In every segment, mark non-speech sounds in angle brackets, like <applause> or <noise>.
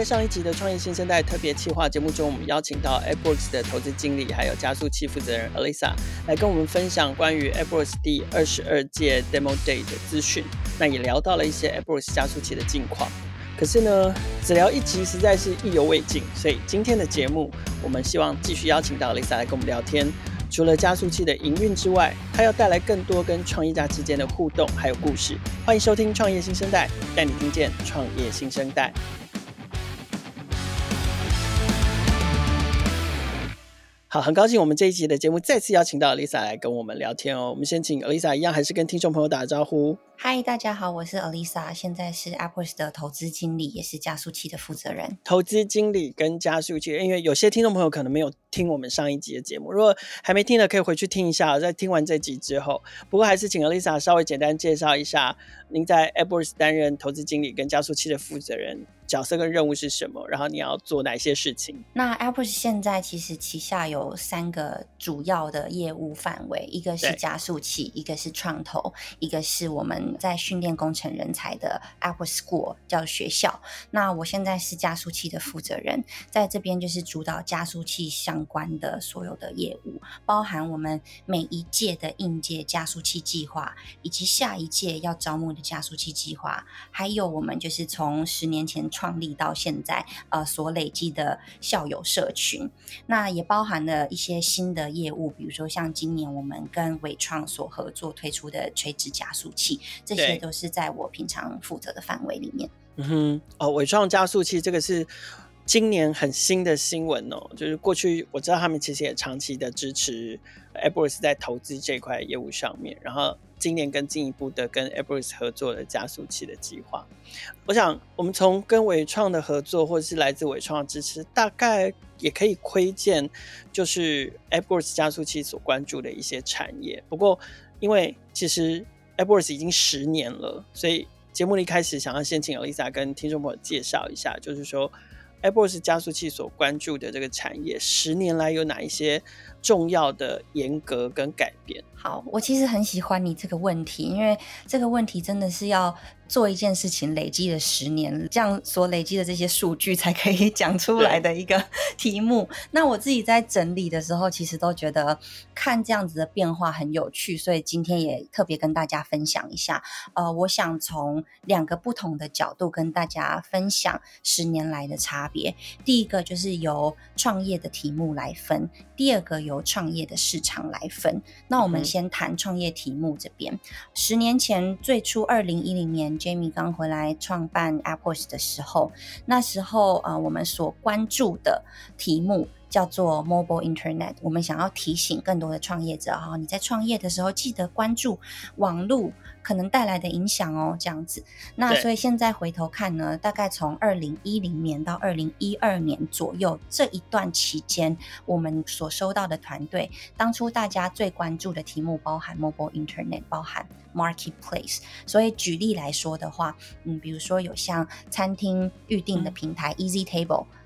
在上一集的《創業新生代特別企劃》節目中，我們邀請到 AppWorks 的投資經理，還有加速器負責人 Alyssa 來跟我們分享關於 AppWorks 第二十二屆 Demo Day 的資訊。那也聊到了一些 AppWorks 加速器的近況。可是呢，只聊一集實在是意猶未盡，所以今天的節目，我們希望繼續邀請到 Alyssa 來跟我們聊天。除了加速器的營運之外，她要帶來更多跟創業家之間的互動，還有故事。歡迎收聽《創業新生代》，帶你聽見創業新生代。好，很高興我們這一集的節目再次邀請到 Alyssa 來跟我們聊天哦。我們先請 Alyssa 一樣，還是跟聽眾朋友打個招呼。Hi，大家好，我是 Alyssa，現在是 AppWorks 的投資經理，也是加速器的負責人。投資經理跟加速器，因為有些聽眾朋友可能沒有聽我們上一集的節目，如果還沒聽的，可以回去聽一下。在聽完這集之後，不過還是請 Alyssa 稍微簡單介紹一下，您在 AppWorks 擔任投資經理跟加速器的負責人。角色跟任務是什麼？然後你要做哪些事情？那 AppWorks 現在其實旗下有三個主要的業務範圍：一個是加速器，一個是創投，一個是我們在訓練工程人才的 AppWorks School，叫學校。那我現在是加速器的負責人，在這邊就是主導加速器相關的所有的業務，包含我們每一屆的應屆加速器計劃，以及下一屆要招募的加速器計劃，還有我們就是從十年前，創立到現在，呃，所累積的校友社群，那也包含了一些新的業務，比如說像今年我們跟緯創所合作推出的垂直加速器，這些都是在我平常負責的範圍裡面。嗯哼，哦，緯創加速器這個是今年很新的新聞哦，就是過去我知道他們其實也長期的支持 AppWorks 在投資這塊業務上面，然後。今年更進一步的跟 AppWorks 合作的加速器的計劃，我想我們從跟偉創的合作或者是來自偉創的支持，大概也可以窺見，就是 AppWorks 加速器所關注的一些產業。不過，因為其實 AppWorks 已經十年了，所以節目裡一開始想要先請 Alyssa 跟聽眾朋友介紹一下，就是說 AppWorks 加速器所關注的這個產業，十年來有哪一些重要的沿革跟改變。好，我其實很喜歡你這個問題，因為這個問題真的是要做一件事情累積了十年，這樣所累積的這些數據才可以講出來的一個題目。那我自己在整理的時候，其實都覺得看這樣子的變化很有趣，所以今天也特別跟大家分享一下。呃，我想從兩個不同的角度跟大家分享十年來的差別。第一個就是由創業的題目來分，第二個由由創業的市場來分，那我們先談創業題目這邊。嗯、十年前，最初二零一零年，Jamie 剛回來創辦 AppWorks 的時候，那時候啊、呃，我們所關注的題目。叫做 Mobile Internet，我們想要提醒更多的創業者哈，你在創業的時候記得關注網絡可能帶來的影響哦。這樣子，那所以現在回頭看呢，大概從二零一零年到二零一二年左右這一段期間，我們所收到的團隊當初大家最關注的題目，包含 Mobile Internet，包含 Marketplace。所以舉例來說的話，嗯，比如說有像餐廳預訂的平台，嗯，Easy Table。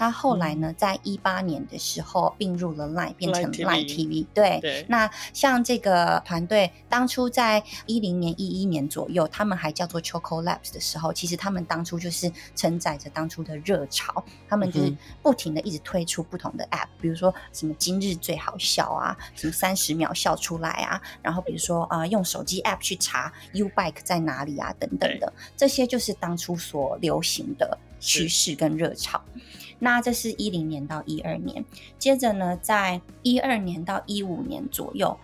他後來呢，嗯、在一八年的時候併入了 Line，變成 Line TV, Line TV 對。對，那像這個團隊，當初在一零年、一一年左右，他們還叫做 Choco Labs 的時候，其實他們當初就是承載着當初的熱潮，他們就是不停的一直推出不同的 App，嗯、比如說什麼今日最好笑啊，什麼三十秒笑出來啊，然後比如說啊、呃，用手機 App 去查 U Bike 在哪裡啊，等等的，這些就是當初所流行的趨勢跟熱潮。那這是一零年到一二年，接着呢，在一二年到一五年左右，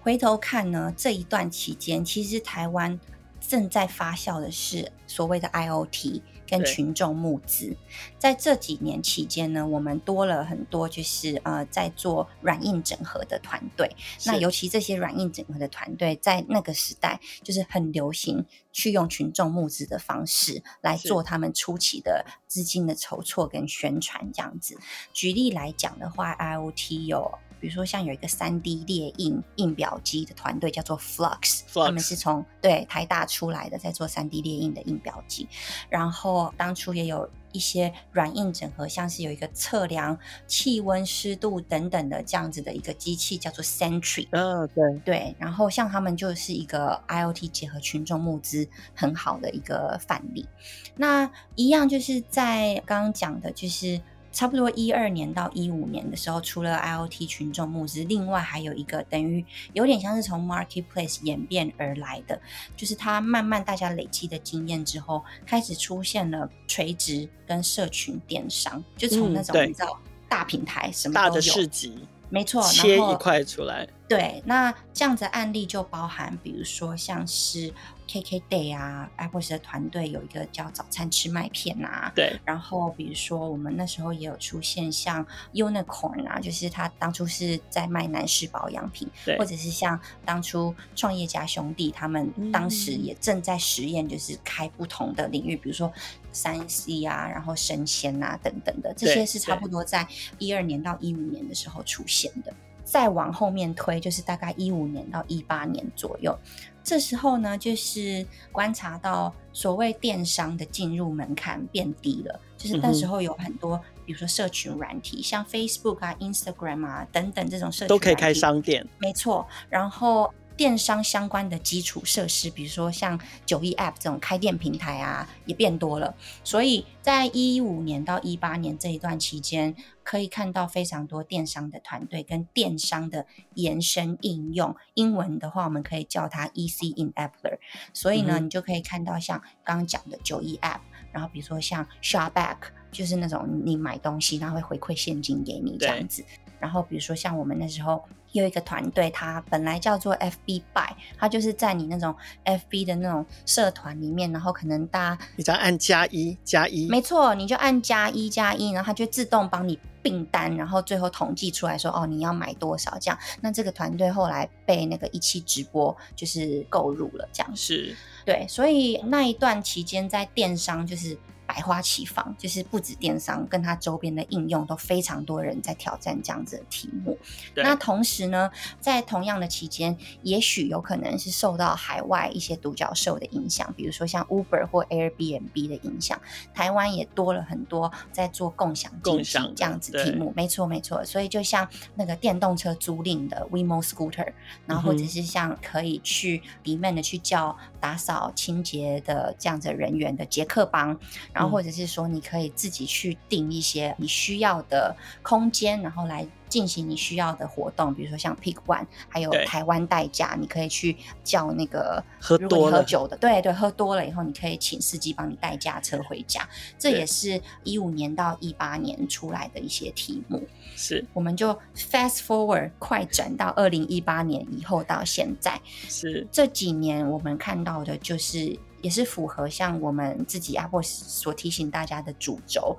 回頭看呢，這一段期間，其實台灣正在發酵的是所謂的 IoT。跟群眾募資，在這幾年期間呢，我們多了很多，就是呃，在做軟硬整合的團隊。那尤其這些軟硬整合的團隊，在那個時代，就是很流行去用群眾募資的方式來做他們初期的資金的籌措跟宣傳。這樣子，舉例來講的話，IoT 有。比如說，像有一個三 D 列印印表機的團隊，叫做 Flux，Flux 他們是從對台大出來的，在做三 D 列印的印表機。然後當初也有一些軟硬整合，像是有一個測量氣溫、濕度等等的這樣子的一個機器，叫做 Sentry，嗯，oh，對對。然後像他們就是一個 IOT 結合群眾募資很好的一個範例。那一樣就是在剛剛講的，就是。差不多一二年到一五年的時候，除了 IOT 群眾募資，另外還有一個等於有點像是從 marketplace 演變而來的，就是它慢慢大家累積的經驗之後，開始出現了垂直跟社群電商，就從那種比較、嗯、大平台什麼都有大的市集，沒錯，切一塊出來。對，那這樣子的案例就包含，比如說像是。KK Day 啊，AppWorks 的團隊有一個叫早餐吃麥片啊。對。然後比如說，我們那時候也有出現像 Unicorn 啊，就是他當初是在賣男士保養品。對。或者是像當初創業家兄弟，他們當時也正在實驗，就是開不同的領域，嗯、比如說三 C 啊，然後生鮮啊等等的，這些是差不多在一二年到一五年的時候出現的。再往後面推，就是大概一五年到一八年左右。這時候呢，就是觀察到所謂電商的進入門檻變低了，就是那時候有很多，嗯、比如說社群軟體，像 Facebook 啊、Instagram 啊等等這種社群都可以開商店，沒錯。然後。電商相關的基礎設施，比如說像 91App 這種開店平台啊，也變多了。所以在一五年到一八年這一段期間，可以看到非常多電商的團隊跟電商的延伸應用。英文的話，我們可以叫它 EC enabler。所以呢，你就可以看到像剛剛講的 91App，然後比如說像 Shopback，就是那種你買東西，它會回饋現金給你這樣子。然後，比如說像我們那時候有一個團隊，它本來叫做 FB Buy，它就是在你那種 FB 的那種社團裡面，然後可能大家你就按 +1，加一加一，沒錯，你就按 +1，加一加一，然後它就自動幫你並單，然後最後統計出來說哦，你要買多少這樣。那這個團隊後來被那個一期直播就是購入了這樣，是，對，所以那一段期間在電商就是。百花齊放，就是不止電商，跟它周邊的應用都非常多人在挑戰這樣子的題目。那同時呢，在同樣的期間，也許有可能是受到海外一些獨角獸的影響，比如說像 Uber 或 Airbnb 的影響，台灣也多了很多在做共享經濟這樣子題目。沒錯沒錯，所以就像那個電動車租賃的 WeMo Scooter，然後或者是像可以去 demand 的去叫打掃清潔的這樣子的人員的潔客幫，然後。或者是說，你可以自己去定一些你需要的空間，然後來進行你需要的活動，比如說像 Pick One、還有台灣代駕，你可以去叫那個喝多，喝酒的，對對，喝多了以後，你可以請司機幫你代駕車回家。這也是一五年到一八年出來的一些題目。是，我們就 Fast Forward 快轉到二零一八年以後到現在，是這幾年我們看到的就是。也是符合像我們自己 AppWorks 所提醒大家的主軸。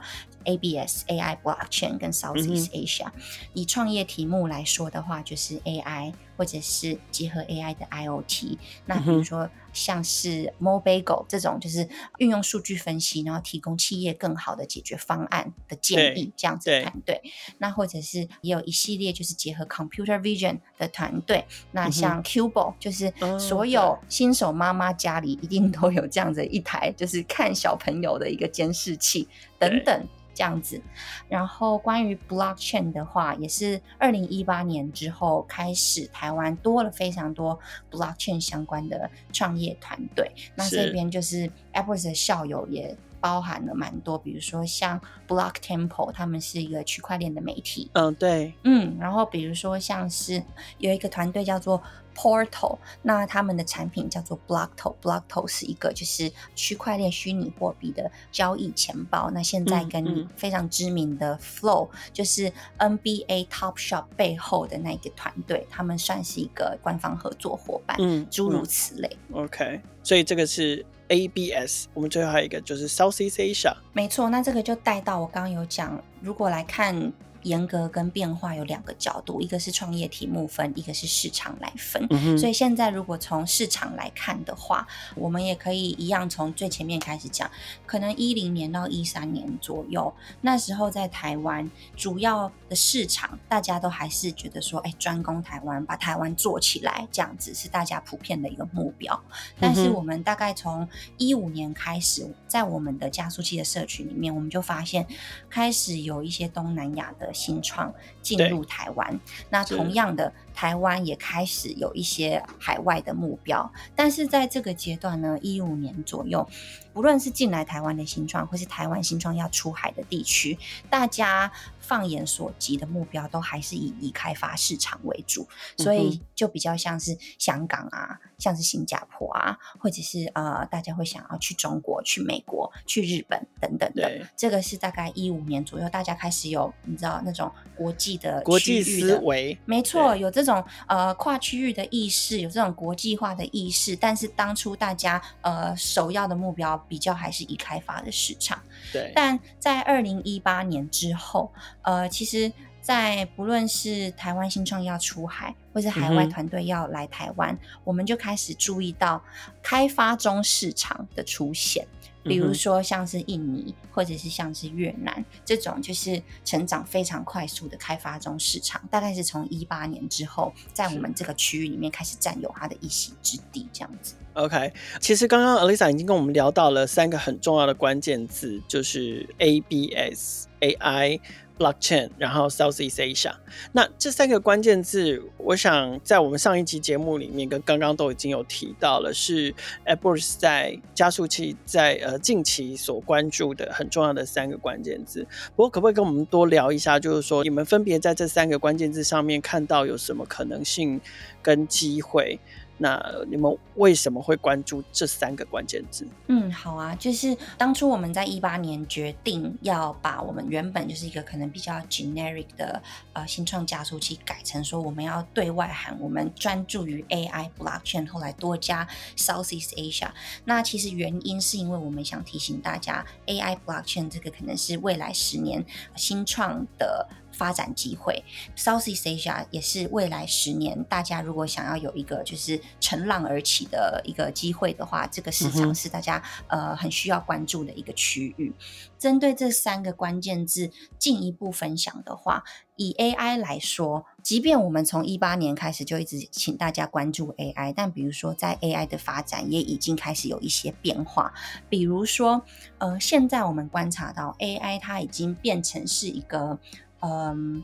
A B S A I Blockchain 跟 Southeast Asia，、嗯、以創業題目來說的話，就是 A I 或者是結合 A I 的 I O T。那比如說像是 MoBagel 這種，就是運用數據分析，然後提供企業更好的解決方案的建議對這樣子團隊對。那或者是也有一系列就是結合 Computer Vision 的團隊。那像 Cubo，、嗯、就是所有新手媽媽家裡一定都有這樣子一台，就是看小朋友的一個監視器。等等這樣子，然後關於 blockchain 的話，也是二零一八年之後開始，台灣多了非常多 blockchain 相關的創業團隊。那這邊就是 AppWorks 的校友也。包含了蠻多，比如說像 Block Temple，他們是一個區塊鏈的媒體。嗯、Oh，對，嗯，然後比如說像是有一個團隊叫做 Portal，那他們的產品叫做 Blockto，Blockto blockto 是一個就是區塊鏈虛擬貨幣的交易錢包。那現在跟非常知名的 Flow、嗯嗯，就是 NBA Top Shop 背後的那一個團隊，他們算是一個官方合作夥伴。嗯，諸如此類。OK，所以這個是。ABS，我們最後還有一個就是 South East Asia。沒錯，那這個就帶到我剛剛有講，如果來看。嚴格跟變化有兩個角度，一個是創業題目分，一個是市場來分。嗯、所以現在如果從市場來看的話，我們也可以一樣從最前面開始講。可能一零年到一三年左右，那時候在台灣主要的市場，大家都還是覺得說，哎、欸，專攻台灣，把台灣做起來，這樣子是大家普遍的一個目標。但是我們大概從一五年開始，在我們的加速器的社群裡面，我們就發現開始有一些東南亞的。新創進入台灣，那同樣的，台灣也開始有一些海外的目標。但是在這個階段呢，一五年左右，不論是進來台灣的新創，或是台灣新創要出海的地區，大家。放眼所及的目標，都還是以以開發市場為主，嗯，所以就比較像是香港啊，像是新加坡啊，或者是呃，大家會想要去中國、去美國、去日本等等的。對，這個是大概一五年左右，大家開始有你知道那種國際的區域的國際思維，沒錯，有這種呃跨區域的意識，有這種國際化的意識。但是當初大家呃首要的目標，比較還是以開發的市場。對，但在二零一八年之後。呃，其實，在不論是台灣新創要出海，或者是海外團隊要來台灣、嗯，我們就開始注意到開發中市場的出現。比如說，像是印尼、嗯，或者是像是越南，這種就是成長非常快速的開發中市場，大概是從一八年之後，在我們這個區域裡面開始佔有它的一席之地，這樣子。OK，其實剛剛 Alyssa 已經跟我們聊到了三個很重要的關鍵字，就是 ABS、AI。Blockchain，然後 Southeast Asia。那這三個關鍵字，我想在我們上一期節目裡面跟剛剛都已經有提到了，是 AppWorks 在加速器在呃近期所關注的很重要的三個關鍵字。不過，可不可以跟我們多聊一下，就是說你們分別在這三個關鍵字上面看到有什麼可能性跟機會？那你們為什麼會關注這三個關鍵字？嗯，好啊，就是當初我們在一八年決定要把我們原本就是一個可能比較 generic 的呃新創加速器，改成說我們要對外喊我們專注於 AI blockchain，後來多加 Southeast Asia。那其實原因是因為我們想提醒大家，AI blockchain 這個可能是未來十年新創的。發展機會，Southeast Asia 也是未來十年大家如果想要有一個就是乘浪而起的一個機會的話，這個市場是大家、嗯、呃很需要關注的一個區域。針對這三個關鍵字進一步分享的話，以 AI 來說，即便我們從一八年開始就一直請大家關注 AI，但比如說在 AI 的發展也已經開始有一些變化，比如說呃現在我們觀察到 AI 它已經變成是一個。嗯，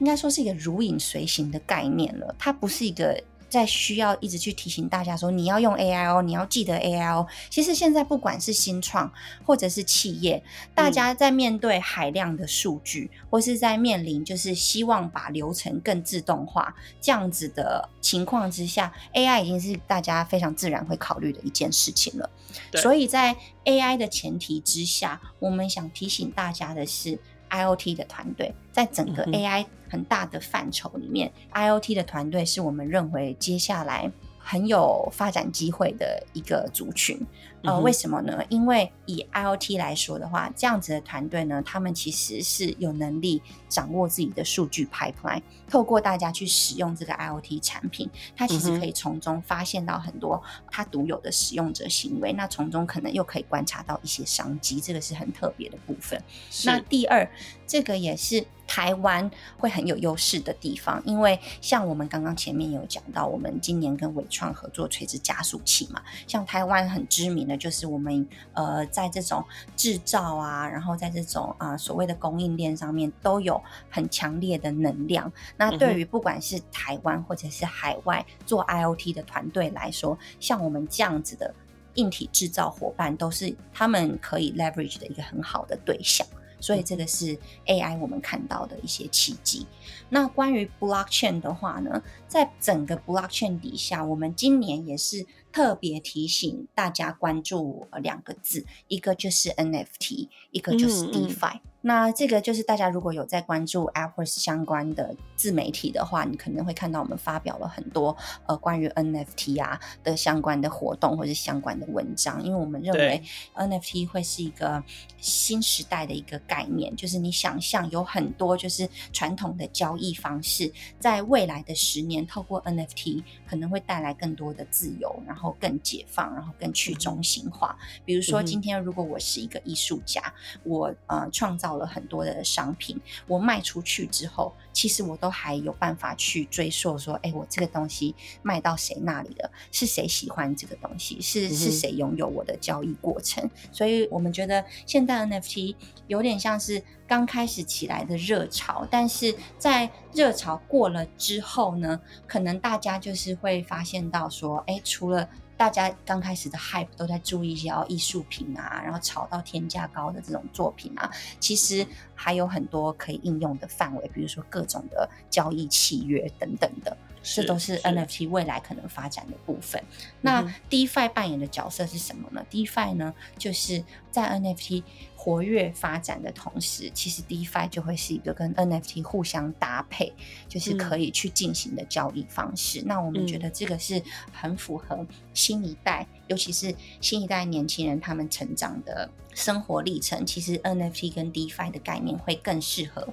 應該說是一個如影隨形的概念了。它不是一個在需要一直去提醒大家說你要用 AI 哦，你要記得 AI 哦。其實現在不管是新創或者是企業，大家在面對海量的數據、嗯，或是在面臨就是希望把流程更自動化這樣子的情況之下，AI 已經是大家非常自然會考慮的一件事情了。所以，在 AI 的前提之下，我們想提醒大家的是。IOT 的團隊在整個 AI 很大的範疇裡面，嗯哼，IOT 的團隊是我們認為接下來很有發展機會的一個族群。呃，為什麼呢？因為以 IoT 來說的話，這樣子的團隊呢，他們其實是有能力掌握自己的數據 pipeline，透過大家去使用這個 IoT 產品，他其實可以從中發現到很多它獨有的使用者行為，嗯、那從中可能又可以觀察到一些商機，這個是很特別的部分。那第二。這個也是台灣會很有優勢的地方，因為像我們剛剛前面有講到，我們今年跟緯創合作垂直加速器嘛，像台灣很知名的就是我們呃，在這種製造啊，然後在這種啊、呃、所謂的供應鏈上面都有很強烈的能量。那對於不管是台灣或者是海外做 IoT 的團隊來說，像我們這樣子的硬體製造夥伴，都是他們可以 leverage 的一個很好的對象。所以這個是 AI 我們看到的一些奇跡。那關於 Blockchain 的話呢，在整個 Blockchain 底下，我們今年也是特別提醒大家關注兩個字，一個就是 NFT，一個就是 DeFi。嗯嗯那這個就是大家如果有在關注 AppWorks 相關的自媒體的話，你可能會看到我們發表了很多呃關於 NFT 啊的相關的活動或者相關的文章，因為我們認為 NFT 會是一個新時代的一個概念，就是你想象有很多就是傳統的交易方式，在未來的十年，透過 NFT 可能會帶來更多的自由，然後更解放，然後更去中心化，嗯。比如說今天如果我是一個藝術家，我呃創造。了很多的商品，我賣出去之後，其實我都還有辦法去追溯，說，誒、欸，我這個東西賣到誰那裡了？是誰喜歡這個東西？是是誰擁有我的交易過程？嗯、所以我們覺得，現在 NFT 有點像是剛開始起來的熱潮，但是在熱潮過了之後呢，可能大家就是會發現到說，誒、欸，除了。大家剛開始的 hype 都在注意一些哦，藝術品啊，然後炒到天價高的這種作品啊，其實還有很多可以應用的範圍，比如說各種的交易契約等等的。這都是 NFT 未來可能發展的部分。那 DeFi 扮演的角色是什麼呢？嗯、DeFi 呢，就是在 NFT 活躍發展的同時，其實 DeFi 就會是一個跟 NFT 互相搭配，就是可以去進行的交易方式。嗯、那我們覺得這個是很符合新一代，嗯，尤其是新一代年輕人他們成長的生活歷程。其實 NFT 跟 DeFi 的概念會更適合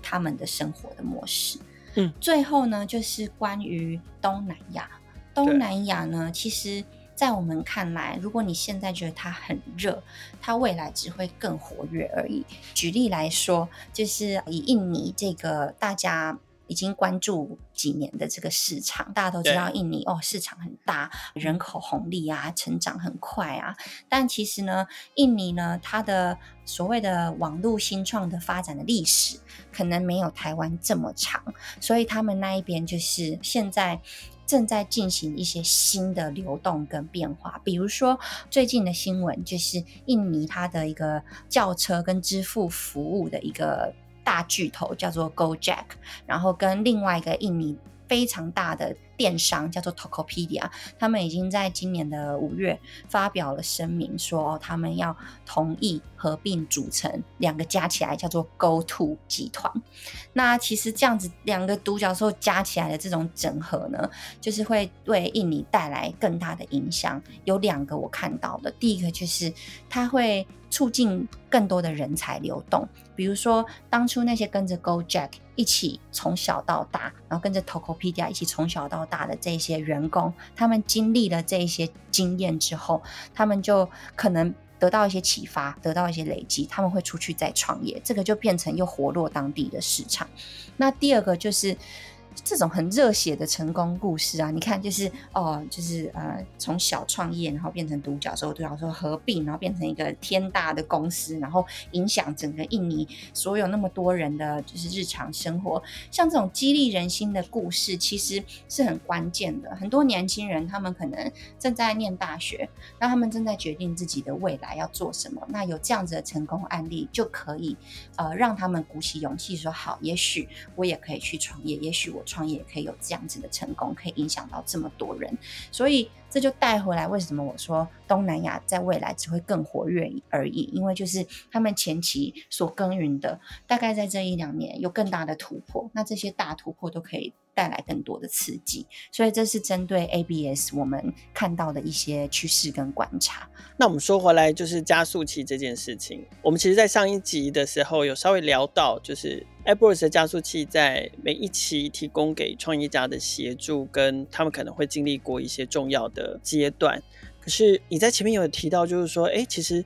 他們的生活的模式。最後呢，就是關於東南亞。東南亞呢，對，其實在我們看來，如果你現在覺得它很熱，它未來只會更活躍而已。舉例來說，就是以印尼這個大家。已經關注幾年的這個市場，大家都知道印尼哦，市場很大，人口紅利啊，成長很快啊。但其實呢，印尼呢，它的所謂的網絡新創的發展的歷史可能沒有台灣這麼長，所以他們那一邊就是現在正在進行一些新的流動跟變化。比如說最近的新聞就是印尼它的一個叫車跟支付服務的一個。大巨頭叫做 GoJack，然後跟另外一個印尼非常大的，電商叫做 Tokopedia，他們已經在今年的五月發表了聲明，說他們要同意合併組成兩個加起來叫做 GoTo 集團。那其實這樣子兩個獨角獸加起來的這種整合呢，就是會為印尼帶來更大的影響。有兩個我看到的，第一個就是它會促進更多的人才流動，比如說當初那些跟着 GoJack 一起從小到大，然後跟着 Tokopedia 一起從小到大。大的這些員工，他們經歷了這些經驗之後，他們就可能得到一些啟發，得到一些累積，他們會出去再創業，這個就變成又活絡當地的市場。那第二個就是。這種很熱血的成功故事啊，你看，就是哦，就是呃，從小創業，然後變成獨角獸，獨角獸合併，然後變成一個天大的公司，然後影響整個印尼所有那麼多人的，就是日常生活。像這種激勵人心的故事，其實是很關鍵的。很多年輕人他們可能正在念大學，那他們正在決定自己的未來要做什麼。那有這樣子的成功案例，就可以呃，讓他們鼓起勇氣說：好，也許我也可以去創業，也許我。創業可以有這樣子的成功，可以影響到這麼多人，所以這就帶回來為什麼我說東南亞在未來只會更活躍而已，因為就是他們前期所耕耘的，大概在這一兩年有更大的突破，那這些大突破都可以。帶來更多的刺激，所以這是針對 AppWorks 我們看到的一些趨勢跟觀察。那我們說回來，就是加速器這件事情，我們其實，在上一集的時候有稍微聊到，就是 AppWorks 的加速器在每一期提供給創業家的協助，跟他們可能會經歷過一些重要的階段。可是你在前面有提到，就是說，哎，其實。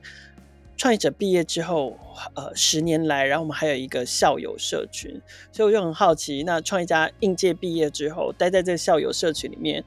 創業者畢業之後，呃，十年來，然後我們還有一個校友社群，所以我就很好奇，那創業家應屆畢業之後，待在這個校友社群裡面，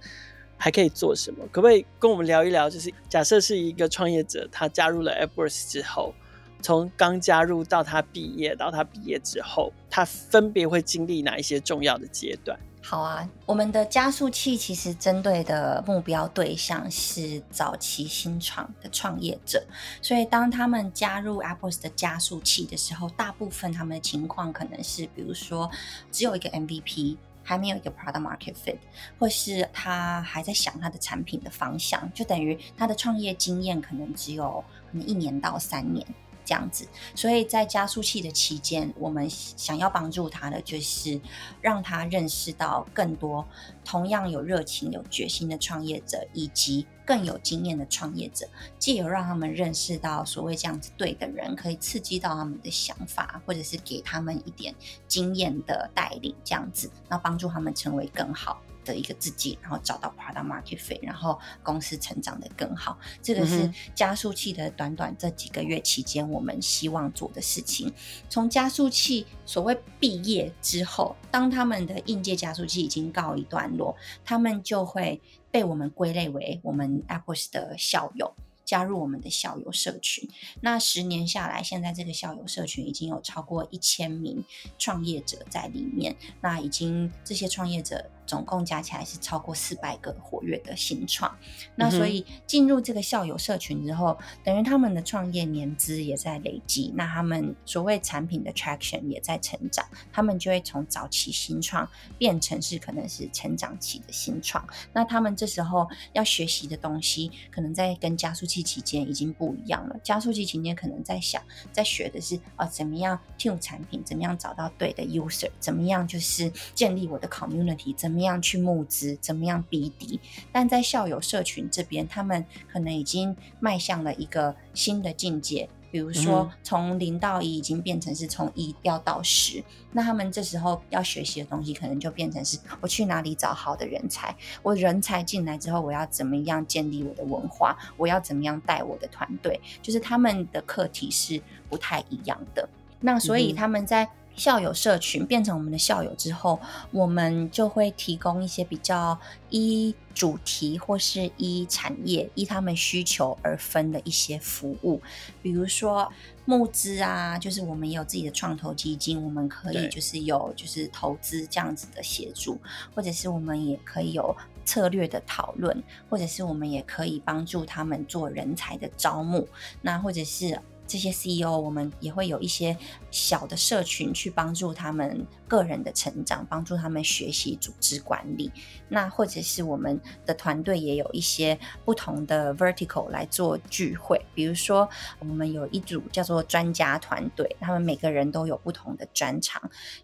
還可以做什麼？可不可以跟我們聊一聊？就是假設是一個創業者，他加入了 AppWorks 之後，從剛加入到他畢業，到他畢業之後，他分別會經歷哪一些重要的階段？好啊，我們的加速器其實針對的目標對象是早期新創的創業者，所以當他們加入 AppWorks 的加速器的時候，大部分他們的情況可能是，比如說只有一個 MVP，還沒有一個 product market fit，或是他還在想他的產品的方向，就等於他的創業經驗可能只有可能一年到三年。這樣子，所以在加速器的期間，我們想要幫助他的，就是讓他認識到更多同樣有熱情、有決心的創業者，以及更有經驗的創業者。藉由讓他們認識到所謂這樣子對的人，可以刺激到他們的想法，或者是給他們一點經驗的帶領，這樣子，那幫助他們成為更好。的一個自己，然後找到 product market fit，然後公司成長得更好。這個是加速器的短短這幾個月期間，我們希望做的事情。從加速器所謂畢業之後，當他們的應屆加速器已經告一段落，他們就會被我們歸類為我們 AppWorks 的校友，加入我們的校友社群。那十年下來，現在這個校友社群已經有超過一千名創業者在裡面。那已經這些創業者。總共加起來是超過四百個活躍的新創，那所以進入這個校友社群之後，等於他們的創業年資也在累積，那他們所謂產品的 traction 也在成長，他們就會從早期新創變成是可能是成長期的新創。那他們這時候要學習的東西，可能在跟加速器期間已經不一樣了。加速器期間可能在想，在學的是啊、呃、怎麼樣 tune 產品，怎麼樣找到對的 user，怎麼樣就是建立我的 community，怎怎麼樣去募資？怎麼樣比敵？但在校友社群這邊，他們可能已經邁向了一個新的境界，比如說從零到一已經變成是從一掉到十。那他們這時候要學習的東西，可能就變成是我去哪裡找好的人才？我人才進來之後，我要怎麼樣建立我的文化？我要怎麼樣帶我的團隊？就是他們的課題是不太一樣的。那所以他們在。校友社群變成我們的校友之後，我們就會提供一些比較依主題或是依產業依他們需求而分的一些服務，比如說募資啊，就是我們有自己的創投基金，我們可以就是有就是投資這樣子的協助，或者是我們也可以有策略的討論，或者是我們也可以幫助他們做人才的招募，那或者是。這些 CEO，我們也會有一些小的社群去幫助他們個人的成長，幫助他們學習組織管理。那或者是我們的團隊也有一些不同的 vertical 來做聚會，比如說我們有一組叫做專家團隊，他們每個人都有不同的專長，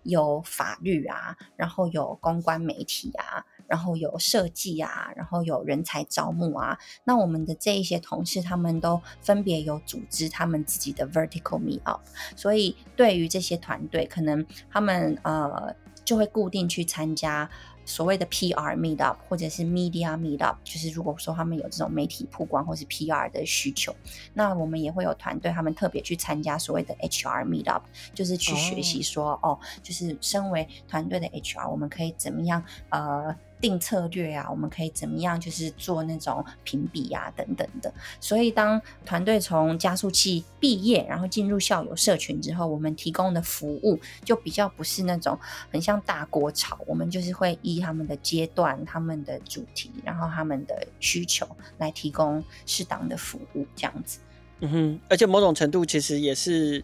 有法律啊，然後有公關媒體啊，然後有設計啊，然後有人才招募啊。那我們的這一些同事，他們都分別有組織他們。自己的 vertical meetup，所以對於這些團隊，可能他們呃就會固定去參加所謂的 PR meetup 或者是 media meetup，就是如果說他們有這種媒體曝光或是 PR 的需求，那我們也會有團隊他們特別去參加所謂的 HR meetup，就是去學習說、oh. 哦，就是身為團隊的 HR，我們可以怎麼樣呃。定策略啊，我們可以怎麼樣？就是做那種評比啊等等的。所以，當團隊從加速器畢業，然後進入校友社群之後，我們提供的服務就比較不是那種很像大鍋炒。我們就是會依他們的階段、他們的主題，然後他們的需求來提供適當的服務，這樣子。嗯哼，而且某種程度其實也是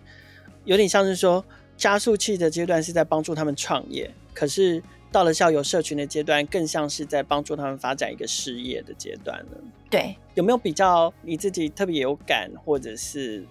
有點像是說，加速器的階段是在幫助他們創業，可是，到了校友社群的階段，更像是在幫助他們發展一個事業的階段了。對，有沒有比較你自己特別有感，或者是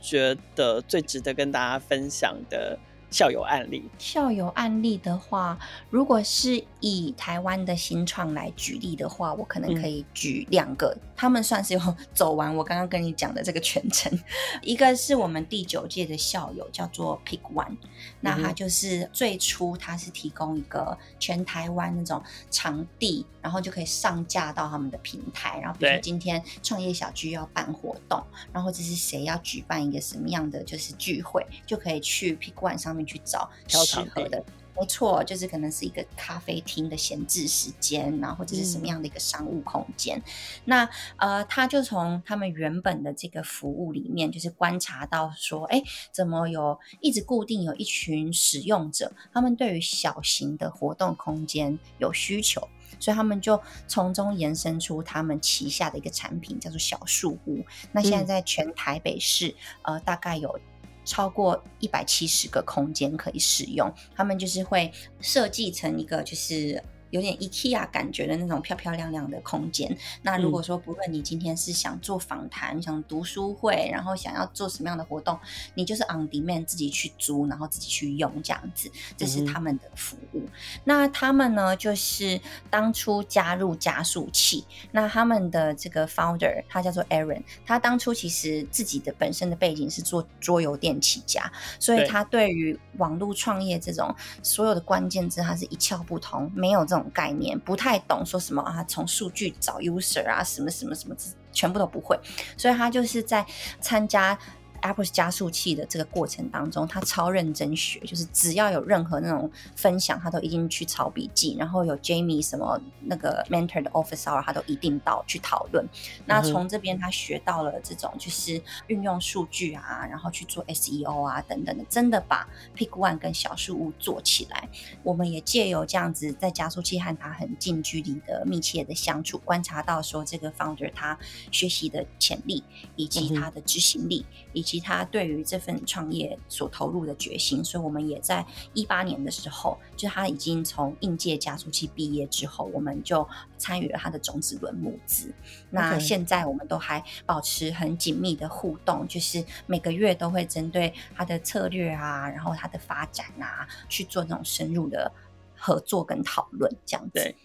覺得最值得跟大家分享的校友案例？校友案例的話，如果是。以台灣的新創來舉例的話，我可能可以舉兩個、嗯，他們算是有走完我剛剛跟你講的這個全程。一個是我們第九屆的校友叫做 Pick One，、嗯、那他就是最初他是提供一個全台灣那種場地，然後就可以上架到他們的平台。然後比如說今天創業小聚要辦活動，然後這是誰要舉辦一個什麼樣的就是聚會，就可以去 Pick One 上面去找適合的。沒錯，就是可能是一個咖啡廳的閒置時間啊，然後或者是什麼樣的一個商務空間。嗯。那呃，他就從他們原本的這個服務裡面，就是觀察到說，哎，怎麼有一直固定有一群使用者，他們對於小型的活動空間有需求，所以他們就從中延伸出他們旗下的一個產品，叫做小樹屋。那現在在全台北市，嗯。呃，大概有。超過一百七十個空間可以使用，他們就是會設計成一個，就是。有點 IKEA 感覺的那種漂漂亮亮的空間。那如果說不論你今天是想做訪談、嗯、想讀書會，然後想要做什麼樣的活動，你就是 on demand 自己去租，然後自己去用這樣子，這是他們的服務。嗯、那他們呢，就是當初加入加速器，那他們的這個 founder 他叫做 Aaron，他當初其實自己的本身的背景是做桌遊店起家，所以他對於網絡創業這種所有的關鍵字，他是一竅不通，沒有這。種概念不太懂，說什麼啊？從數據找 user 啊？什麼什麼什麼？全部都不會，所以他就是在參加。AppWorks 加速器的這個過程當中，他超認真學，就是只要有任何那種分享，他都一定去抄筆記。然後有 Jamie 什麼那個 mentor 的 office hour，他都一定到去討論、嗯。那從這邊他學到了這種就是運用數據啊，然後去做 SEO 啊等等的，真的把 Pick One 跟小樹屋做起來。我們也借由這樣子在加速器和他很近距離的密切的相處，觀察到說這個 founder 他學習的潛力以及他的執行力、嗯、以。其他對於這份創業所投入的決心，所以我們也在一八年的時候，就是他已經從應屆加速器畢業之後，我們就參與了他的種子輪募資。Okay. 那現在我們都還保持很緊密的互動，就是每個月都會針對他的策略啊，然後他的發展啊，去做那種深入的合作跟討論這樣子。對，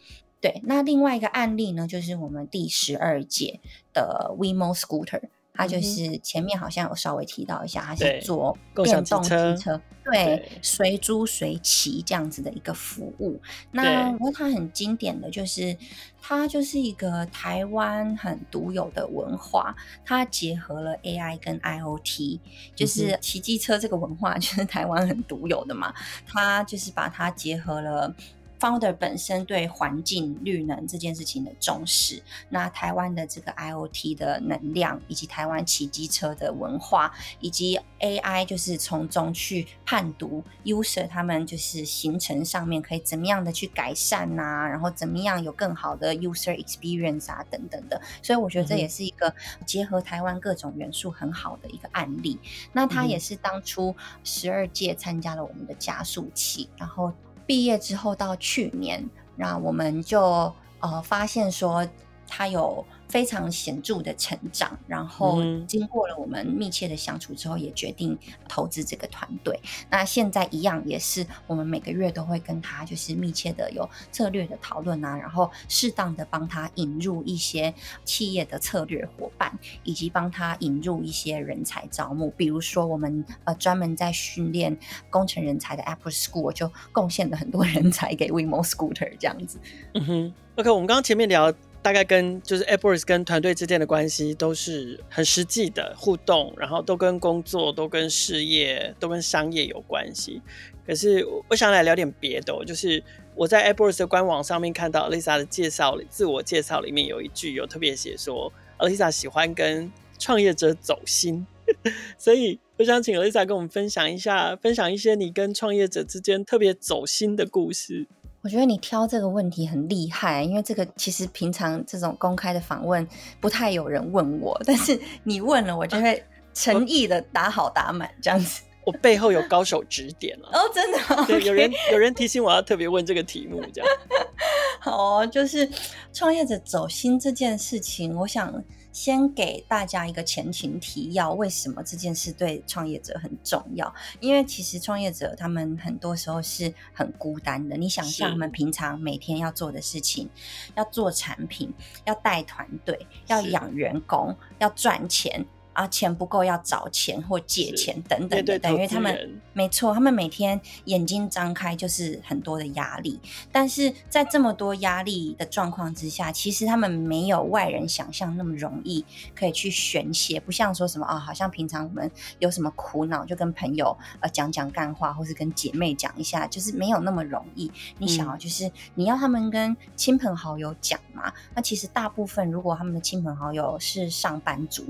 對，那另外一個案例呢，就是我們第十二屆的 WeMo Scooter。他就是前面好像有稍微提到一下，他，嗯、是做電動機車，對，隨租隨騎這樣子的一個服務。那不過它很經典的就是，它就是一個台灣很獨有的文化，它結合了 AI 跟 IOT，、嗯、就是騎機車這個文化就是台灣很獨有的嘛，它就是把它結合了。Founder 本身對環境、綠能這件事情的重視，那台灣的這個 IoT 的能量，以及台灣騎機車的文化，以及 AI 就是從中去判讀 user 他們就是行程上面可以怎麼樣的去改善吶、啊，然後怎麼樣有更好的 user experience 啊等等的，所以我覺得這也是一個結合台灣各種元素很好的一個案例。那他也是當初十二屆參加了我們的加速器，然後。畢業之後到去年，那我們就呃發現說他有，非常顯著的成長，然後經過了我們密切的相處之後，嗯、也決定投資這個團隊。那現在一樣，也是我們每個月都會跟他就是密切的有策略的討論啊，然後適當的幫他引入一些企業的策略夥伴，以及幫他引入一些人才招募。比如說，我們呃專門在訓練工程人才的 AppWorks School 就貢獻了很多人才給 WeMo Scooter 這樣子。嗯哼，OK，我們剛剛前面聊。大概跟就是 AppWorks 跟團隊之間的關係都是很實際的互動，然後都跟工作、都跟事業、都跟商業有關係。可是我想來聊點別的，就是我在 AppWorks 的官網上面看到 Alyssa 的介紹裡，自我介紹裡面有一句有特別寫說，Alyssa 喜歡跟創業者走心， <laughs> 所以我想請 Alyssa 跟我們分享一下，分享一些你跟創業者之間特別走心的故事。我覺得你挑這個問題很厲害，因為這個其實平常這種公開的訪問不太有人問我，但是你問了，我就會誠意的打好打滿這樣子。我背後有高手指點了、啊、哦，oh，真的、okay。對，有人有人提醒我要特別問這個題目這樣。 <laughs> 好、哦，就是創業者走心這件事情，我想。先給大家一個前情提要，為什麼這件事對創業者很重要？因為其實創業者他們很多時候是很孤單的。你想象他們平常每天要做的事情，要做產品，要帶團隊，要養員工，要賺錢。啊，錢不夠要找錢或借錢等等等等，因為他們沒錯，他們每天眼睛張開就是很多的壓力。但是在這麼多壓力的狀況之下，其實他們沒有外人想象那麼容易可以去宣洩，不像說什麼啊、哦，好像平常我們有什麼苦惱就跟朋友呃講講幹話，或是跟姐妹講一下，就是沒有那麼容易。你想啊，就是你要他們跟親朋好友講嘛，那其實大部分如果他們的親朋好友是上班族。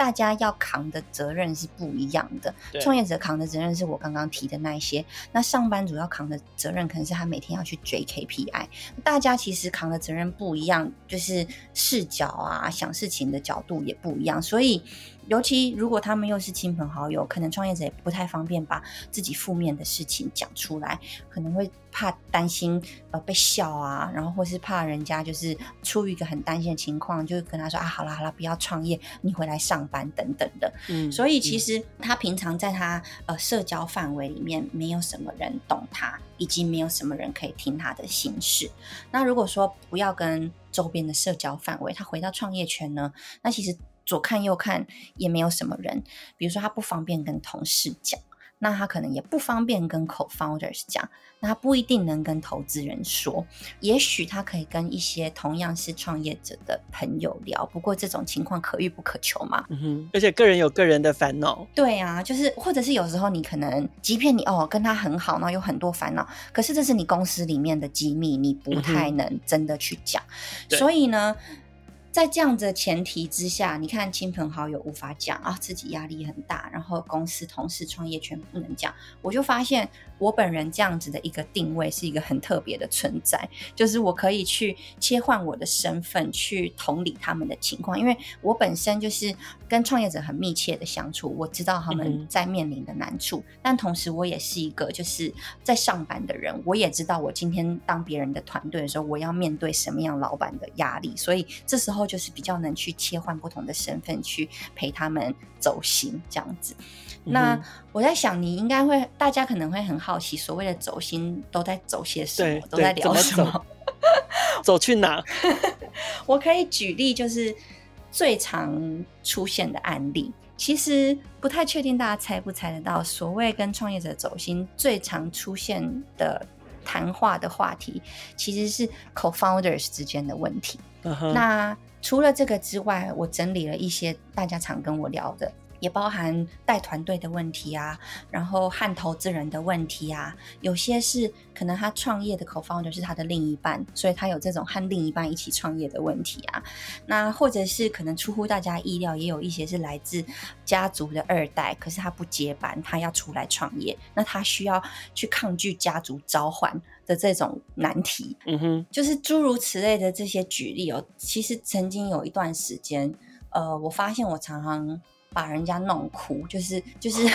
大家要扛的責任是不一樣的，創業者扛的責任是我剛剛提的那些，那上班族要扛的責任可能是他每天要去追 KPI，大家其實扛的責任不一樣，就是視角啊，想事情的角度也不一樣，所以，尤其如果他們又是親朋好友，可能創業者也不太方便把自己負面的事情講出來，可能會怕擔心呃被笑啊，然後或是怕人家就是出於一個很擔心的情況，就跟他說啊，好啦好啦，不要創業，你回來上班等等的。嗯，所以其實他平常在他呃社交範圍裡面，沒有什麼人懂他，以及沒有什麼人可以聽他的心事。那如果說不要跟周邊的社交範圍，他回到創業圈呢，那其實。左看右看也沒有什麼人，比如說他不方便跟同事講，那他可能也不方便跟 co-founders 講，那他不一定能跟投資人說，也許他可以跟一些同樣是創業者的朋友聊，不過這種情況可遇不可求嘛。嗯哼。而且個人有個人的煩惱。對啊，就是或者是有時候你可能，即便你哦跟他很好，然後有很多煩惱，可是這是你公司裡面的機密，你不太能真的去講。嗯。所以呢，在這樣子的前提之下，你看親朋好友無法講啊，哦，自己壓力很大，然後公司同事創業全部不能講。我就發現我本人這樣子的一個定位是一個很特別的存在，就是我可以去切換我的身份去同理他們的情況，因為我本身就是跟創業者很密切的相處，我知道他們在面臨的難處，嗯嗯，但同時我也是一個就是在上班的人，我也知道我今天當別人的團隊的時候，我要面對什麼樣老闆的壓力，所以這時候。就是比較能去切換不同的身份去陪他們走心這樣子。嗯、那我在想，你應該會，大家可能會很好奇，所謂的走心都在走些什麼，對，對，都在聊什麼，走，走，走去哪？ <laughs> 我可以舉例，就是最常出現的案例，其實不太確定大家猜不猜得到。所謂跟創業者走心最常出現的談話的話題，其實是 co-founders 之間的問題。Uh -huh. 那除了這個之外，我整理了一些大家常跟我聊的，也包含帶團隊的問題啊，然後和投資人的問題啊，有些是可能他創業的 co-founder 就是他的另一半，所以他有這種和另一半一起創業的問題啊，那或者是可能出乎大家意料，也有一些是來自家族的二代，可是他不接班，他要出來創業，那他需要去抗拒家族召喚。的這種難題，嗯哼，就是諸如此類的這些舉例哦。其實曾經有一段時間，呃，我發現我常常把人家弄哭，就是就是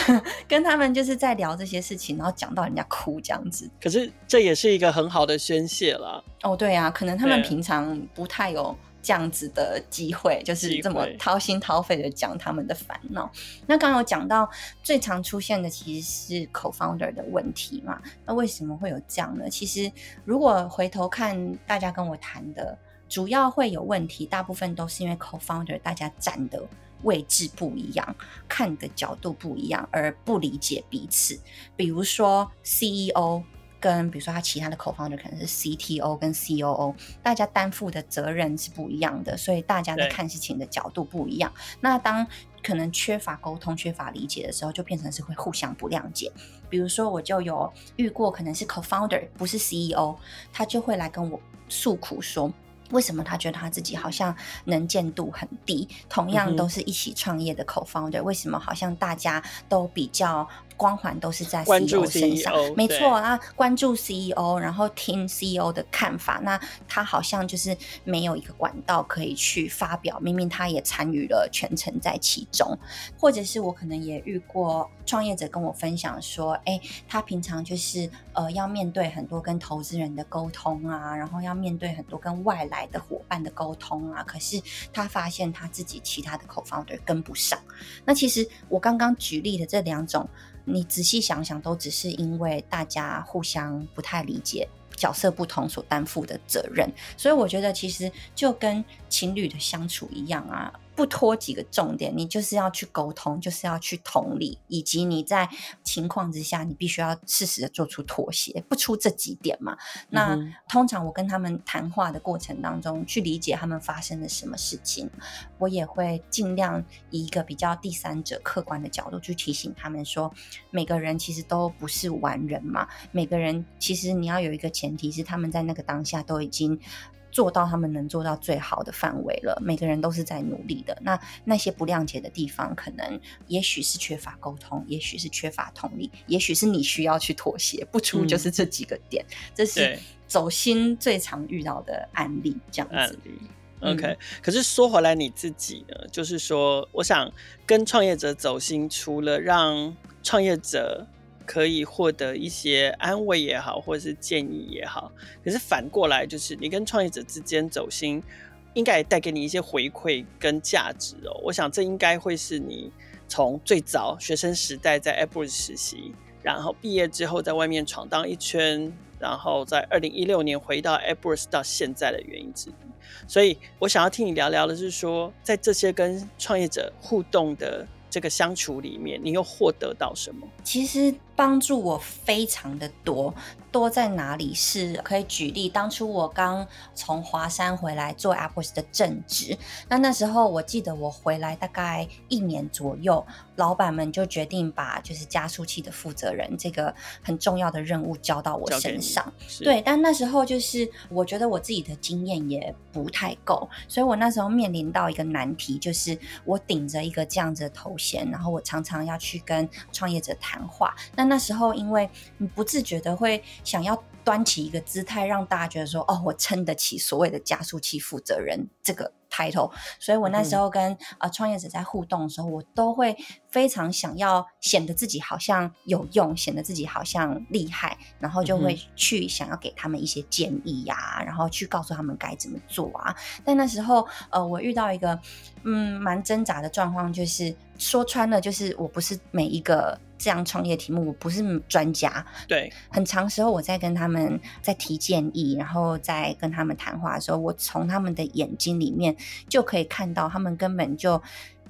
<laughs> 跟他們就是在聊這些事情，然後講到人家哭這樣子。可是這也是一個很好的宣洩啦。哦，對呀，可能他們平常不太有，這樣子的機會，就是這麼掏心掏肺的講他們的煩惱。那剛剛有講到最常出現的其實是 cofounder 的問題嘛？那為什麼會有這樣呢？其實如果回頭看大家跟我談的，主要會有問題，大部分都是因為 cofounder 大家站的位置不一樣，看的角度不一樣，而不理解彼此。比如說 CEO。跟比如說他其他的 co-founder 可能是 CTO 跟 COO，大家擔負的責任是不一樣的，所以大家的看事情的角度不一樣。那當可能缺乏溝通、缺乏理解的時候，就變成是會互相不諒解。比如說，我就有遇過可能是 co-founder，不是 CEO，他就會來跟我訴苦說，為什麼他覺得他自己好像能見度很低？同樣都是一起創業的 co-founder，、嗯、為什麼好像大家都比較？光環都是在 CEO 身上，CEO，沒錯啊，關注 CEO，然後聽 CEO 的看法。那他好像就是沒有一個管道可以去發表，明明他也參與了，全程在其中。或者是我可能也遇過創業者跟我分享說，誒，他平常就是呃要面對很多跟投資人的溝通啊，然後要面對很多跟外來的夥伴的溝通啊，可是他發現他自己其他的 cofounder 跟不上。那其實我剛剛舉例的這兩種。你仔細想想，都只是因為大家互相不太理解，角色不同所擔負的責任，所以我覺得其實就跟情侶的相處一樣啊。不脫幾個重點，你就是要去溝通，就是要去同理，以及你在情況之下，你必須要適時的做出妥協，不出這幾點嘛。那、嗯、通常我跟他們談話的過程當中，去理解他們發生了什麼事情，我也會盡量以一個比較第三者客觀的角度去提醒他們說，每個人其實都不是完人嘛，每個人其實你要有一個前提是，他們在那個當下都已經。做到他們能做到最好的範圍了，每個人都是在努力的。那那些不諒解的地方，可能也許是缺乏溝通，也許是缺乏同理，也許是你需要去妥協，不出就是這幾個點、嗯。這是走心最常遇到的案例，這樣子案例、嗯。OK，可是說回來你自己呢？就是說，我想跟創業者走心，除了讓創業者。可以獲得一些安慰也好，或者是建議也好。可是反過來，就是你跟創業者之間走心，應該也帶給你一些回饋跟價值哦。我想這應該會是你從最早學生時代在 AppWorks 實習，然後畢業之後在外面闖蕩一圈，然後在二零一六年回到 AppWorks 到現在的原因之一。所以我想要聽你聊聊的是說，在這些跟創業者互動的這個相處裡面，你又獲得到什麼？其實。幫助我非常的多，多在哪裡是？是可以舉例。當初我剛從華山回來做 AppWorks 的正職，那那時候我記得我回來大概一年左右，老闆們就決定把就是加速器的負責人這個很重要的任務交到我身上。對，但那時候就是我覺得我自己的經驗也不太夠，所以我那時候面臨到一個難題，就是我頂着一個這樣子的頭銜，然後我常常要去跟創業者談話。那時候，因為你不自覺的會想要端起一個姿態，讓大家覺得說：“哦，我撐得起所謂的加速器負責人這個 title”。所以我那時候跟創業者在互動的時候，嗯、我都會。非常想要顯得自己好像有用，顯得自己好像厲害，然後就會去想要給他們一些建議呀、啊，然後去告訴他們該怎麼做啊。但那時候，呃，我遇到一個嗯蠻掙扎的狀況，就是說穿了，就是我不是每一個這樣創業題目我不是專家，對，很長時候我在跟他們在提建議，然後在跟他們談話的時候，我從他們的眼睛裡面就可以看到，他們根本就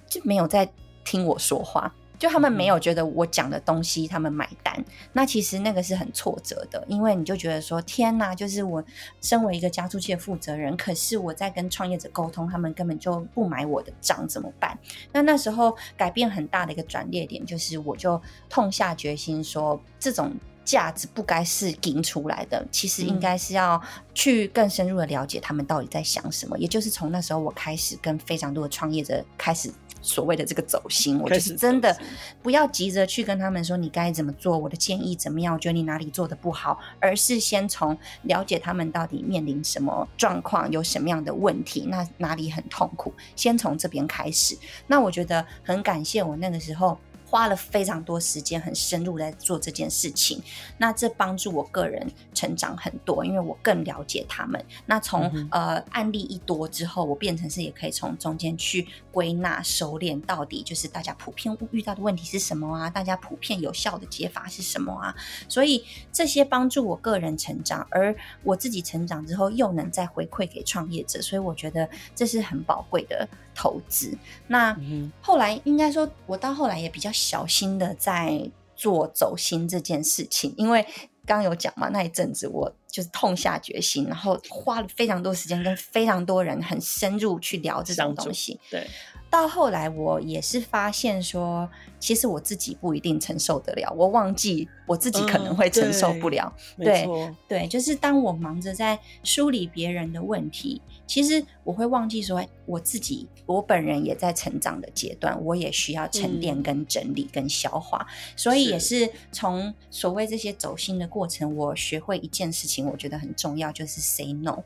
就沒有在。聽我說話，就他們沒有覺得我講的東西，他們買單、嗯。那其實那個是很挫折的，因為你就覺得說，天哪、啊！就是我身為一個加速器的負責人，可是我在跟創業者溝通，他們根本就不買我的賬，怎麼辦？那那時候改變很大的一個轉捩點，就是我就痛下決心說，這種價值不該是贏出來的，其實應該是要去更深入的了解他們到底在想什麼。嗯、也就是從那時候，我開始跟非常多的創業者開始。所謂的這個走心，我就是真的不要急着去跟他們說，你該怎麼做，我的建議怎麼樣，我覺得你哪裡做的不好，而是先從了解他們到底面臨什麼狀況，有什麼樣的問題，那哪裡很痛苦，先從這邊開始。那我覺得很感謝我那個時候。花了非常多時間，很深入來做這件事情，那這幫助我個人成長很多，因為我更了解他們。那從、嗯、呃案例一多之後，我變成是也可以從中間去歸納、收斂到底，就是大家普遍遇到的問題是什麼啊？大家普遍有效的解法是什麼啊？所以這些幫助我個人成長，而我自己成長之後，又能再回饋給創業者，所以我覺得這是很寶貴的。投資，那後來應該說，我到後來也比較小心的在做走心這件事情，因為剛有講嘛，那一陣子我就是痛下決心，然後花了非常多時間跟非常多人很深入去聊這種東西，對。到後來，我也是發現說，其實我自己不一定承受得了。我忘記我自己可能會承受不了。嗯、對對，對，就是當我忙着在梳理別人的問題，其實我會忘記說我自己，我本人也在成長的階段，我也需要沉澱、跟整理、跟消化、嗯。所以也是從所謂這些走心的過程，我學會一件事情，我覺得很重要，就是 say no。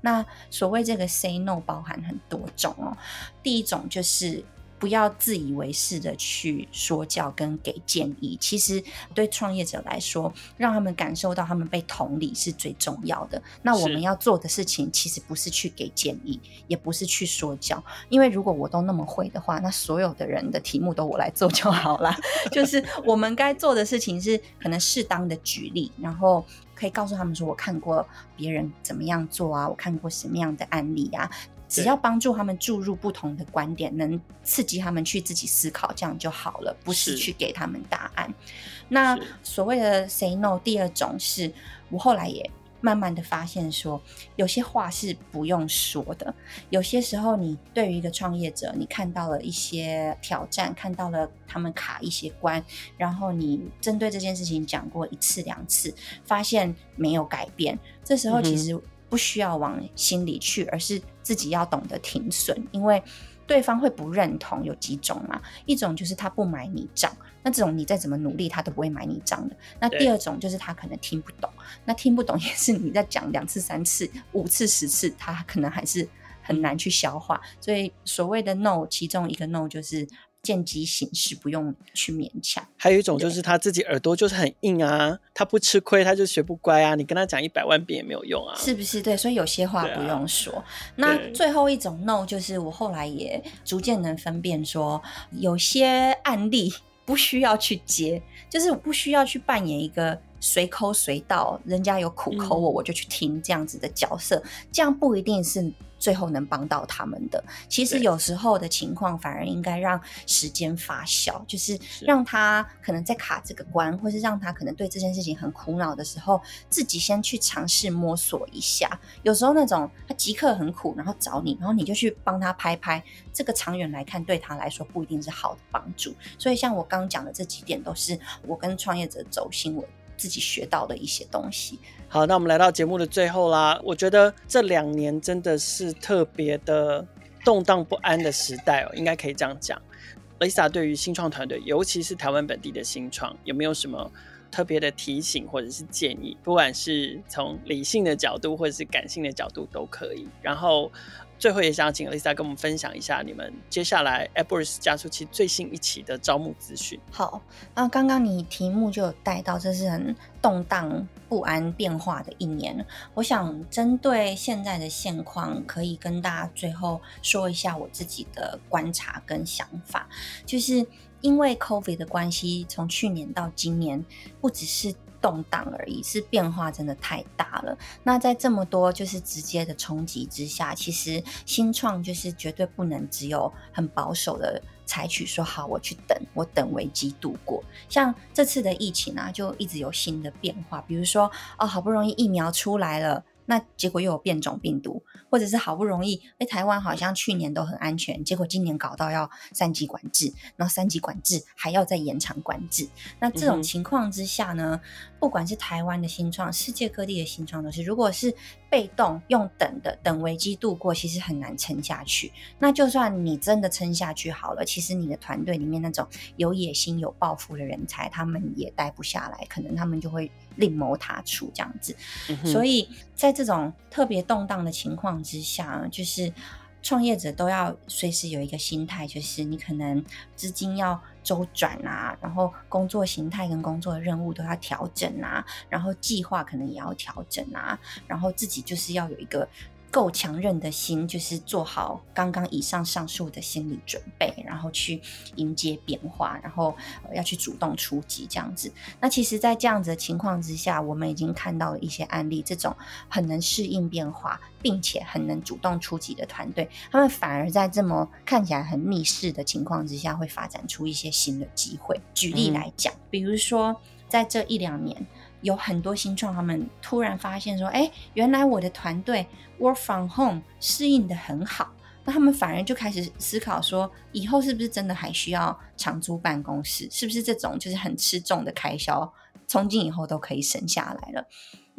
那所謂這個 “say no” 包含很多種哦。第一種就是不要自以為是的去說教跟給建議。其實對創業者來說，讓他們感受到他們被同理是最重要的。那我們要做的事情，其實不是去給建議，也不是去說教。因為如果我都那麼會的話，那所有的人的題目都我來做就好啦。 <laughs> 就是我們該做的事情是可能適當的舉例，然後。可以告訴他們說，我看過別人怎麼樣做啊，我看過什麼樣的案例啊，只要幫助他們注入不同的觀點，能刺激他們去自己思考，這樣就好了，不是去給他們答案。那所謂的 say no，第二種是我後來也。慢慢的發現，說有些話是不用說的。有些時候，你對於一個創業者，你看到了一些挑戰，看到了他們卡一些關，然後你針對這件事情講過一次兩次，發現沒有改變。這時候其實不需要往心裡去，而是自己要懂得停損，因為。對方會不認同有幾種嘛？一種就是他不買你賬，那這種你再怎麼努力，他都不會買你賬的。那第二種就是他可能聽不懂，那聽不懂也是你在講兩次、三次、五次、十次，他可能還是很難去消化。所以所謂的 no，其中一個 no 就是。見機行事，不用去勉強。還有一種就是他自己耳朵就是很硬啊，他不吃虧，他就學不乖啊。你跟他講一百萬遍也沒有用啊，是不是？對，所以有些話不用說。啊、那最後一種 no 就是我後來也逐漸能分辨說，有些案例不需要去接，就是不需要去扮演一個隨 call 隨到，人家有苦 call 我、嗯、我就去聽這樣子的角色，這樣不一定是。最後能幫到他們的，其實有時候的情況反而應該讓時間發酵，就是讓他可能在卡這個關，或是讓他可能對這件事情很苦惱的時候，自己先去嘗試摸索一下。有時候那種他即刻很苦，然後找你，然後你就去幫他拍拍，這個長遠來看對他來說不一定是好的幫助。所以像我剛講的這幾點，都是我跟創業者走心聞自己學到的一些東西。好，那我們來到節目的最後啦。我覺得這兩年真的是特別的動盪不安的時代哦、喔，應該可以這樣講。Alyssa 對於新創團隊，尤其是台灣本地的新創，有沒有什麼特別的提醒或者是建議？不管是從理性的角度或者是感性的角度都可以。然後。最後也想請 Alyssa 跟我們分享一下你們接下來 AppWorks 加速器最新一期的招募資訊。好，那剛剛你題目就有帶到，這是很動盪不安、變化的一年。我想針對現在的現況，可以跟大家最後說一下我自己的觀察跟想法，就是因為 COVID 的關係，從去年到今年，不只是。動盪而已，是變化真的太大了。那在這麼多就是直接的衝擊之下，其實新創就是絕對不能只有很保守的採取說好，我去等，我等危機度過。像這次的疫情啊，就一直有新的變化，比如說哦，好不容易疫苗出來了。那結果又有變種病毒，或者是好不容易，欸，台灣好像去年都很安全，結果今年搞到要三級管制，然後三級管制還要再延長管制。那這種情況之下呢，不管是台灣的新創，世界各地的新創都是，如果是。被動用等的等危機度過，其實很難撐下去。那就算你真的撐下去好了，其實你的團隊裡面那種有野心、有抱負的人才，他們也待不下來，可能他們就會另謀他處這樣子、嗯。所以在這種特別動盪的情況之下，就是創業者都要隨時有一個心態，就是你可能資金要。周轉啊，然後工作形態跟工作的任務都要調整啊，然後計劃可能也要調整啊，然後自己就是要有一個。夠強韌的心，就是做好剛剛以上上述的心理準備，然後去迎接變化，然後，呃，要去主動出擊這樣子。那其實，在這樣子的情況之下，我們已經看到了一些案例，這種很能適應變化，並且很能主動出擊的團隊，他們反而在這麼看起來很逆勢的情況之下，會發展出一些新的機會。舉例來講，嗯，比如說在這一兩年。有很多新創，他們突然發現說，哎、欸，原來我的團隊 work from home 適應得很好，那他們反而就開始思考說，以後是不是真的還需要長租辦公室？是不是這種就是很吃重的開銷，從今以後都可以省下來了？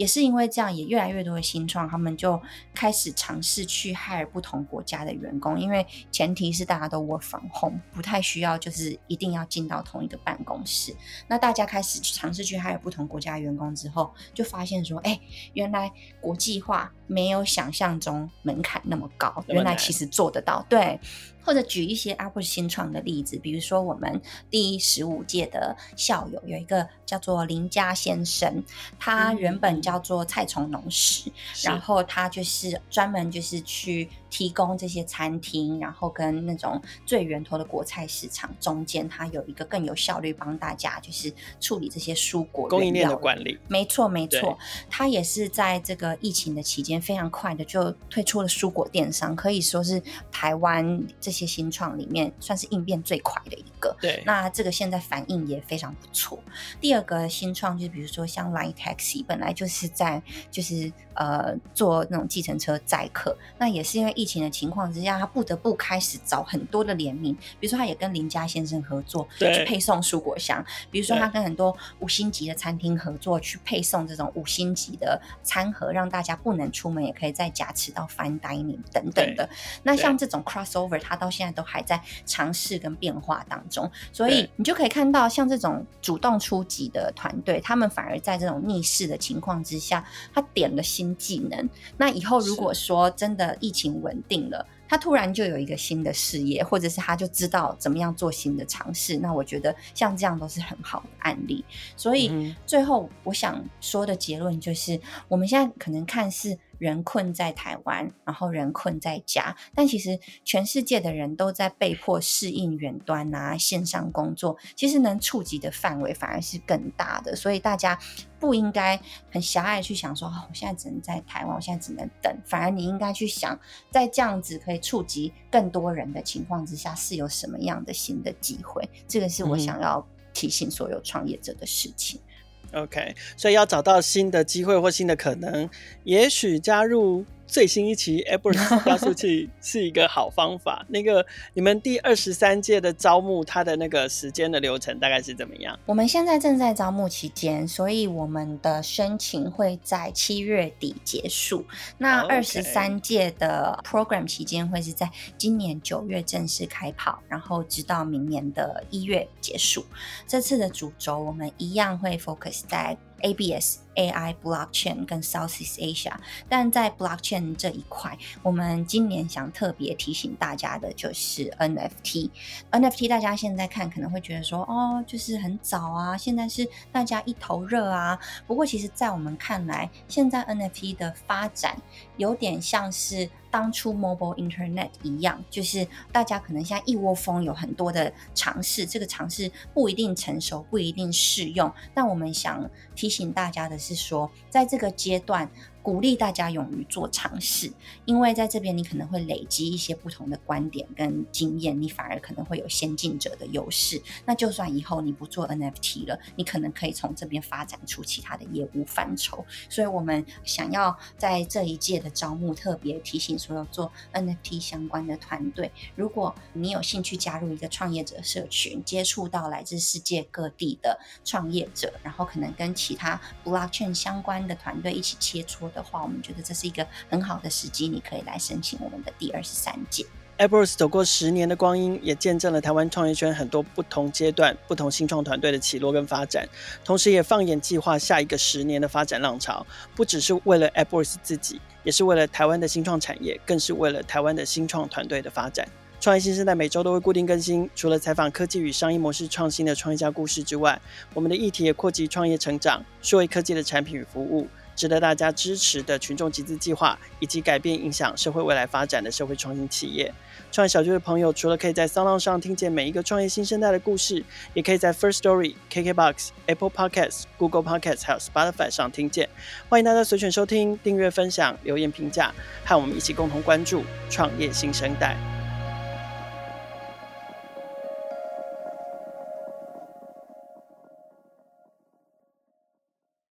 也是因為這樣，也越來越多的新創，他們就開始嘗試去 hire 不同國家的員工，因為前提是大家都 work from home，不太需要就是一定要進到同一個辦公室。那大家開始嘗試去 hire 不同國家的員工之後，就發現說，哎、欸，原來國際化沒有想象中門檻那麼高麼，原來其實做得到，對。或者舉一些 AppWorks 新創的例子，比如說我們第十五屆的校友有一個叫做林家先生，他原本叫做菜蟲農食，然後他就是專門就是去。提供這些餐廳，然後跟那種最源頭的果菜市場，中間，它有一個更有效率幫大家就是處理這些蔬果的供應鏈的管理。沒錯沒錯。它也是在這個疫情的期間非常快的就推出了蔬果電商，可以說是台灣這些新創裡面算是應變最快的一個。對，那這個現在反應也非常不錯。第二個新創就是比如說像 Line Taxi，本來就是在就是呃做那種計程車載客，那也是因為疫情的情況之下，他不得不開始找很多的聯名，比如說他也跟林家先生合作，對，去配送蔬果箱，比如說他跟很多五星級的餐廳合作去配送這種五星級的餐盒，讓大家不能出門也可以在家吃到 fine dining 等等的。那像這種 crossover，他到現在都還在嘗試跟變化當中，所以你就可以看到像這種主動出擊的團隊，他們反而在這種逆勢的情況之下，他點了新技能。那以後如果說真的疫情定了，他突然就有一個新的事業，或者是他就知道怎麼樣做新的嘗試。那我覺得像這樣都是很好的案例。所以、嗯、最後我想說的結論就是，我們現在可能看是。人困在台灣，然後人困在家，但其實全世界的人都在被迫適應遠端啊，線上工作。其實能觸及的範圍反而是更大的，所以大家不應該很狹隘去想說，哦，我現在只能在台灣，我現在只能等。反而你應該去想，在這樣子可以觸及更多人的情況之下，是有什麼樣的新的機會？這個是我想要提醒所有創業者的事情。嗯 OK，所以要找到新的機會或新的可能，也許加入最新一期 AppWorks 加速器是一個好方法。 <laughs> 那個你們第二十三屆的招募，它的那個時間的流程大概是怎麼樣？我們現在正在招募期間，所以我們的申請會在七月底結束。那二十三屆的 program 期間會是在今年九月正式開跑，然後直到明年的一月結束。這次的主軸我們一樣會 focus 在。A B S、A I blockchain 跟 Southeast Asia，但在 blockchain 這一塊，我們今年想特別提醒大家的，就是 N F T。N F T 大家現在看可能會覺得說，哦，就是很早啊，現在是大家一頭熱啊。不過其實，在我們看來，現在 N F T 的發展有點像是，當初 mobile internet 一樣，就是大家可能像一窩蜂，有很多的嘗試，這個嘗試不一定成熟，不一定適用。但我們想提醒大家的是說，在這個階段。鼓勵大家勇於做嘗試，因為在這邊你可能會累積一些不同的觀點跟經驗，你反而可能會有先進者的優勢。那就算以後你不做 NFT 了，你可能可以從這邊發展出其他的業務範疇。所以我們想要在這一屆的招募，特別提醒所有做 NFT 相關的團隊，如果你有興趣加入一個創業者社群，接觸到來自世界各地的創業者，然後可能跟其他 Blockchain 相關的團隊一起切磋，的話，我們覺得這是一個很好的時機，你可以來申請我們的第二十三屆。AppWorks 走過十年的光陰，也見證了台灣創業圈很多不同階段、不同新創團隊的起落跟發展，同時也放眼計劃下一個十年的發展浪潮。不只是為了 AppWorks 自己，也是為了台灣的新創產業，更是為了台灣的新創團隊的發展。創業新生代每週都會固定更新，除了採訪科技與商業模式創新的創業家故事之外，我們的議題也擴及創業成長、數位科技的產品與服務。值得大家支持的群眾集資計劃，以及改變影響社會未來發展的社會創新企業。創業小聚的朋友，除了可以在 SoundOn 上聽見每一個創業新生代的故事，也可以在 First Story、KKBox、Apple Podcasts、Google Podcasts，還有 Spotify 上聽見。歡迎大家隨選收聽、訂閱、分享、留言、評價，和我們一起共同關注創業新生代。